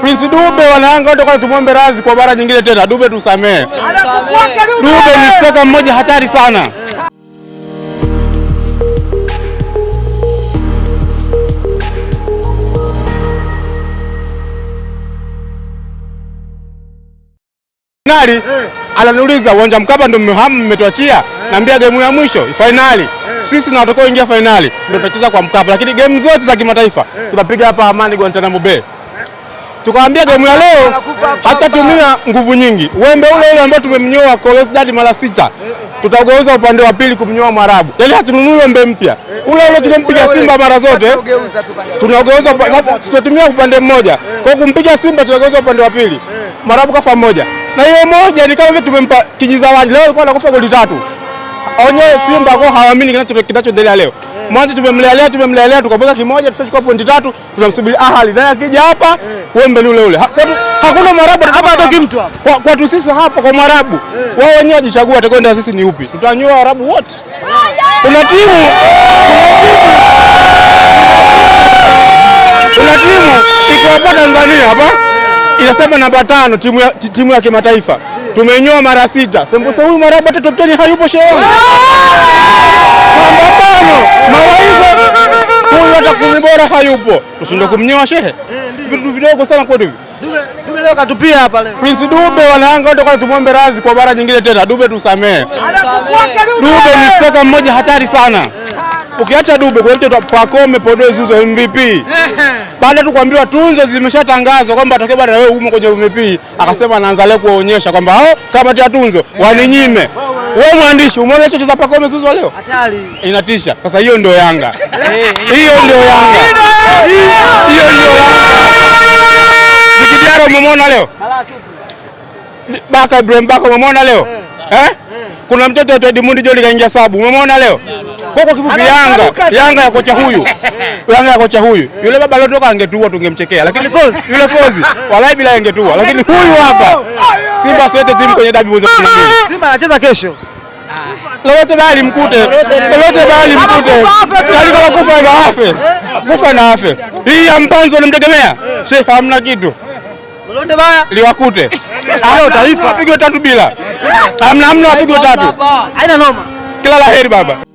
Prince Dube wanaanga ndio tumwombe radhi kwa bara nyingine tena. Dube tusamee. Dube ni soka mmoja hatari sana. Finali hey. Ananiuliza uwanja Mkapa ndio mmehamu mmetuachia hey. Naambia game ya mwisho finali hey. Sisi na watakao ingia finali ndio hey. Tutacheza kwa Mkapa, lakini game zote za kimataifa hey. Tunapiga hapa Amani Guantanamo Bay tukawambia game ya leo hatatumia nguvu nyingi, wembe ule ule ambao tumemnyoa Kolesdad mara sita tutageuza upande wa pili kumnyoa Mwarabu. Yaani hatununui wembe mpya, ule ule tulimpiga Simba mara zote tunageuza, tutatumia upande mmoja kwa kumpiga Simba, tutageuza upande wa pili. Mwarabu kafa mmoja, na hiyo moja ni kama vile tumempa kijizawadi. Leo alikuwa anakufa goli tatu, onye Simba kwa hawaamini kinachoendelea leo mwanzo tumemlelea tumemlelea tukapoza kimoja tutachukua pointi tatu, tunamsubiri Ahali naye akija hapa wembe eh. ni ule ule. Hakuna Mwarabu hapa hata kimtu hapa. Kwa tu sisi hapa kwa Mwarabu eh. wao wenyewe wajichagua atakwenda sisi ni upi. Tutanyoa Arabu wote. Kuna timu kuna timu iko hapa Tanzania hapa eh. inasema namba tano timu ya, timu ya kimataifa tumenyoa mara sita. Sembuse huyu Mwarabu hata top 10 hayupo shehe. Namba tano shehe hayupo, tushindwe ah. kumnyoa shehe? Eh, Vitu vidogo sana kwetu hivi. Dube leo katupia hapa leo. Prince Dube wanaanga ndio kwa tumwombe radhi kwa bara nyingine tena. Dube tusamee. Dube ni stoka mmoja hatari sana. Eh. Ukiacha Dube kwa mtu kome podozi hizo MVP. Eh. Baada tu kuambiwa tunzo zimeshatangazwa kwamba atokee bwana wewe umo kwenye MVP, akasema anaanza leo kuonyesha kwamba hao oh, kama tia tunzo waninyime. Wewe mwandishi umeona hicho cha pakome sisi leo? Hatari. Inatisha. Sasa hiyo ndio Yanga. Hiyo ndio Yanga. umemwona leo Baka Ibrahim Baka umemwona leo eh. Eh? eh? Kuna mtoto wetu Edmund Joli kaingia sabu umemwona leo kwa kwa kifupi, Yanga Yanga ya kocha huyu eh. Yanga ya kocha huyu, yule baba aliotoka angetua tungemchekea, lakini Fozi yule Fozi walai bila angetua, lakini huyu hapa Simba sote timu kwenye dabi mwezi wa 12. Simba anacheza kesho lolote bali mkute lolote bali mkute alikuwa kufa na yaani afe kufa na afe. Hii ya mpanzo unamtegemea, Sasa hamna kitu liwakute hayo taifa, pigwe tatu bila amna amna, wapigwe tatu, haina noma. Kila la heri baba.